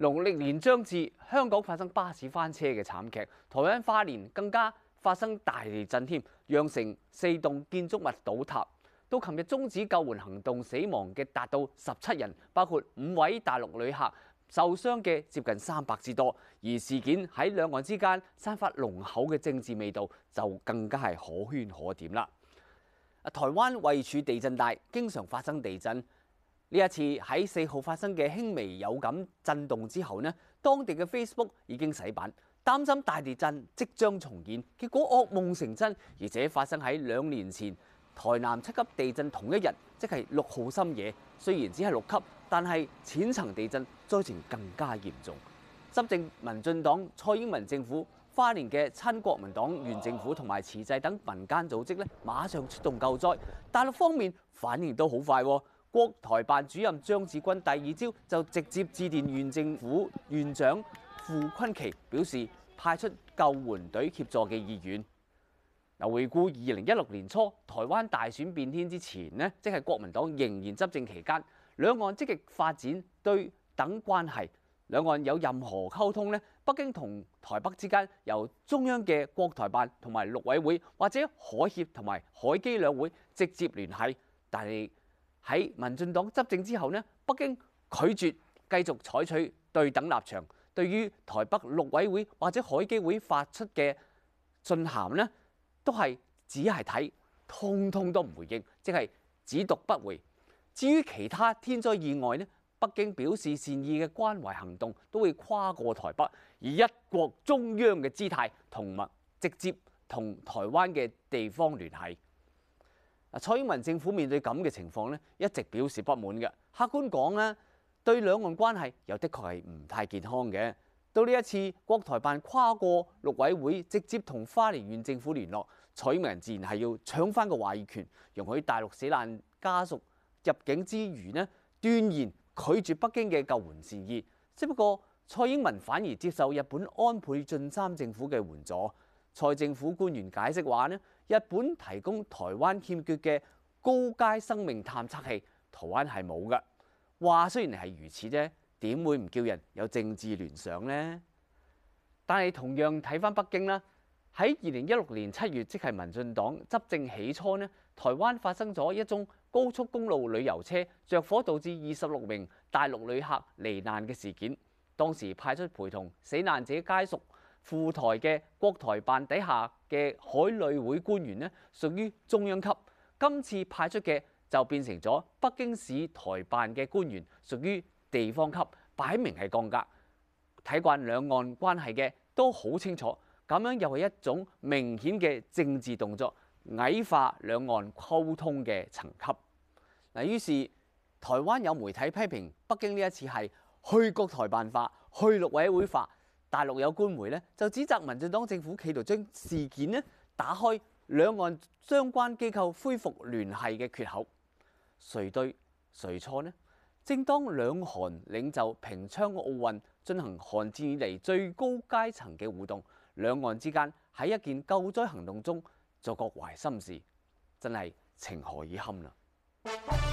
農曆年將至，香港發生巴士翻車嘅慘劇，台灣花蓮更加發生大地震，添釀成四棟建築物倒塌。到琴日終止救援行動，死亡嘅達到十七人，包括五位大陸旅客，受傷嘅接近三百之多。而事件喺兩岸之間散發濃厚嘅政治味道，就更加係可圈可點啦。台灣位處地震帶，經常發生地震。呢一次喺四號發生嘅輕微有感震動之後呢，當地嘅 Facebook 已經洗版，擔心大地震即將重現，結果惡夢成真。而且發生喺兩年前台南七級地震同一日，即係六號深夜。雖然只係六級，但係淺層地震災情更加嚴重。執政民進黨蔡英文政府、花蓮嘅親國民黨縣政府同埋慈濟等民間組織呢，馬上出動救災。大陸方面反應都好快哦。國台辦主任張志軍第二朝就直接致電縣政府縣長傅坤琪，表示派出救援隊協助嘅意願。嗱，回顧二零一六年初台灣大選變天之前咧，即係國民黨仍然執政期間，兩岸積極發展對等關係，兩岸有任何溝通咧，北京同台北之間由中央嘅國台辦同埋陸委會或者海協同埋海基兩會直接聯繫，但係，喺民進黨執政之後呢，北京拒絕繼續採取對等立場，對於台北陸委會或者海基會發出嘅信函呢，都係只係睇，通通都唔回應，即係只讀不回。至於其他天災意外呢，北京表示善意嘅關懷行動都會跨過台北，以一國中央嘅姿態，同埋直接同台灣嘅地方聯繫。蔡英文政府面對噉嘅情況，一直表示不滿。客觀講咧，對兩岸關係又的確係唔太健康嘅。到呢一次，國台辦跨過陸委會，直接同花蓮縣政府聯絡，蔡英文自然係要搶返個話語權，容許大陸死難家屬入境之餘，斷言拒絕北京嘅救援善意。只不過蔡英文反而接受日本安倍晉三政府嘅援助。蔡政府官員解釋話咧，日本提供台灣欠缺嘅高階生命探測器，台灣係冇嘅。話雖然係如此啫，點會唔叫人有政治聯想呢？但係同樣睇翻北京啦，喺二零一六年七月，即係民進黨執政起初呢，台灣發生咗一宗高速公路旅遊車着火導致二十六名大陸旅客罹難嘅事件。當時派出陪同死難者家屬。赴台嘅國台辦底下嘅海旅會官員呢，屬於中央級；今次派出嘅就變成咗北京市台辦嘅官員，屬於地方級，擺明係降格。睇慣兩岸關係嘅都好清楚，咁樣又係一種明顯嘅政治動作，矮化兩岸溝通嘅層級。嗱，於是台灣有媒體批評北京呢一次係去國台辦化，去陸委會化。大陸有官媒咧，就指責民進黨政府企圖將事件咧，打開兩岸相關機構恢復聯繫嘅缺口，誰對誰錯呢？正當兩韓領袖平昌奧運進行韓戰以嚟最高階層嘅互動，兩岸之間喺一件救災行動中就各懷心事，真係情何以堪啦！